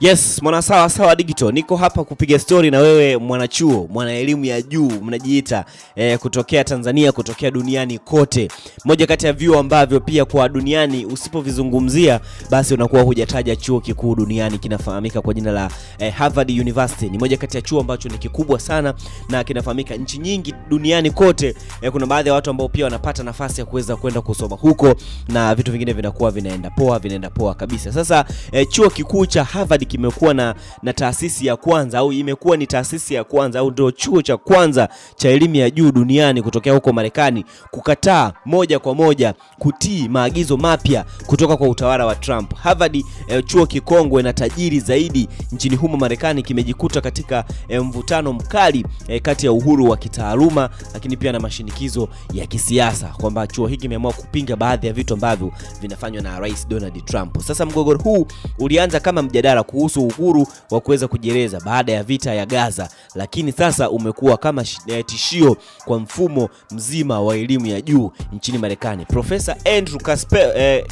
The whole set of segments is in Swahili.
Yes, mwana sawa sawa digital, niko hapa kupiga story na wewe mwanachuo, mwana elimu ya juu mnajiita e, kutokea Tanzania, kutokea duniani kote. Moja kati ya vyuo ambavyo pia kwa duniani usipovizungumzia basi unakuwa hujataja chuo kikuu duniani, kinafahamika kwa jina la e, Harvard University. Ni moja kati ya chuo ambacho ni kikubwa sana na kinafahamika nchi nyingi duniani kote. E, kuna baadhi ya watu ambao pia wanapata nafasi ya kuweza kwenda kusoma huko na vitu vingine vinakuwa vinaenda poa, vinaenda poa kabisa. Sasa e, chuo kikuu cha Harvard kimekuwa na, na taasisi ya kwanza au imekuwa ni taasisi ya kwanza au ndio chuo cha kwanza cha elimu ya juu duniani kutokea huko Marekani kukataa moja kwa moja kutii maagizo mapya kutoka kwa utawala wa Trump. Harvard, eh, chuo kikongwe na tajiri zaidi nchini humo Marekani kimejikuta katika eh, mvutano mkali eh, kati ya uhuru wa kitaaluma lakini pia na mashinikizo ya kisiasa kwamba chuo hiki kimeamua kupinga baadhi ya vitu ambavyo vinafanywa na Rais Donald Trump. Sasa mgogoro huu ulianza kama mjadala ku kuhusu uhuru wa kuweza kujieleza baada ya vita ya Gaza, lakini sasa umekuwa kama eh, tishio kwa mfumo mzima wa elimu ya juu nchini Marekani. Profesa Andrew Kaspe, eh,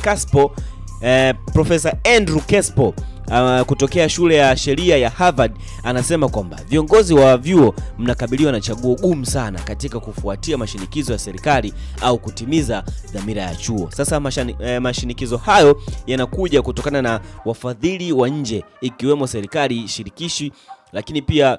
eh, Profesa Andrew Kaspo uh, kutokea shule ya sheria ya Harvard anasema kwamba viongozi wa vyuo mnakabiliwa na chaguo gumu sana katika kufuatia mashinikizo ya serikali au kutimiza dhamira ya chuo. Sasa mashani, eh, mashinikizo hayo yanakuja kutokana na wafadhili wa nje ikiwemo serikali shirikishi, lakini pia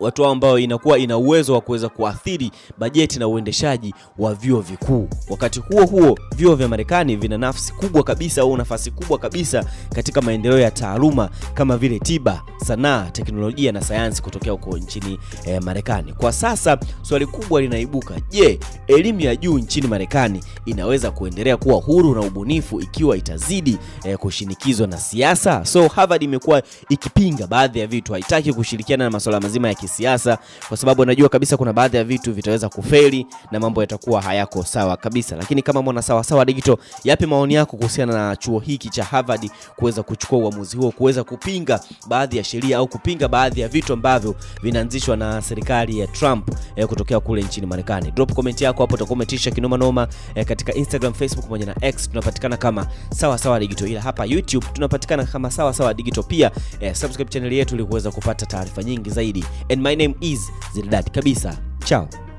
watu hao ambao inakuwa ina uwezo wa kuweza kuathiri bajeti na uendeshaji wa vyuo vikuu. Wakati huo huo, vyuo vya Marekani vina nafasi kubwa kabisa au nafasi kubwa kabisa katika maendeleo ya taaluma kama vile tiba, sanaa, teknolojia na sayansi kutokea huko nchini eh, Marekani. Kwa sasa swali kubwa linaibuka, je, elimu ya juu nchini Marekani inaweza kuendelea kuwa huru na ubunifu ikiwa itazidi eh, kushinikizwa na siasa? So Harvard imekuwa ikipinga baadhi ya vitu, haitaki kushirikiana na masuala mazima ya kisiasa, kwa sababu anajua kabisa kuna baadhi ya vitu vitaweza kufeli na mambo yatakuwa hayako sawa kabisa. Lakini kama mwana sawa sawa digital, yapi maoni yako kuhusiana na chuo hiki cha Harvard kuweza kuchukua uamuzi huo, kuweza kupinga baadhi ya sheria au kupinga baadhi ya vitu ambavyo vinaanzishwa na serikali ya Trump eh, kutokea kule nchini Marekani. Drop comment yako hapo, utakuwa umetisha kinoma noma eh, katika Instagram, Facebook pamoja na X tunapatikana kama sawa sawa digital, ila hapa YouTube tunapatikana kama sawa sawa digital pia. Eh, subscribe channel yetu ili kuweza kupata taarifa nyingi zaidi. And my name is Zildad kabisa. Ciao.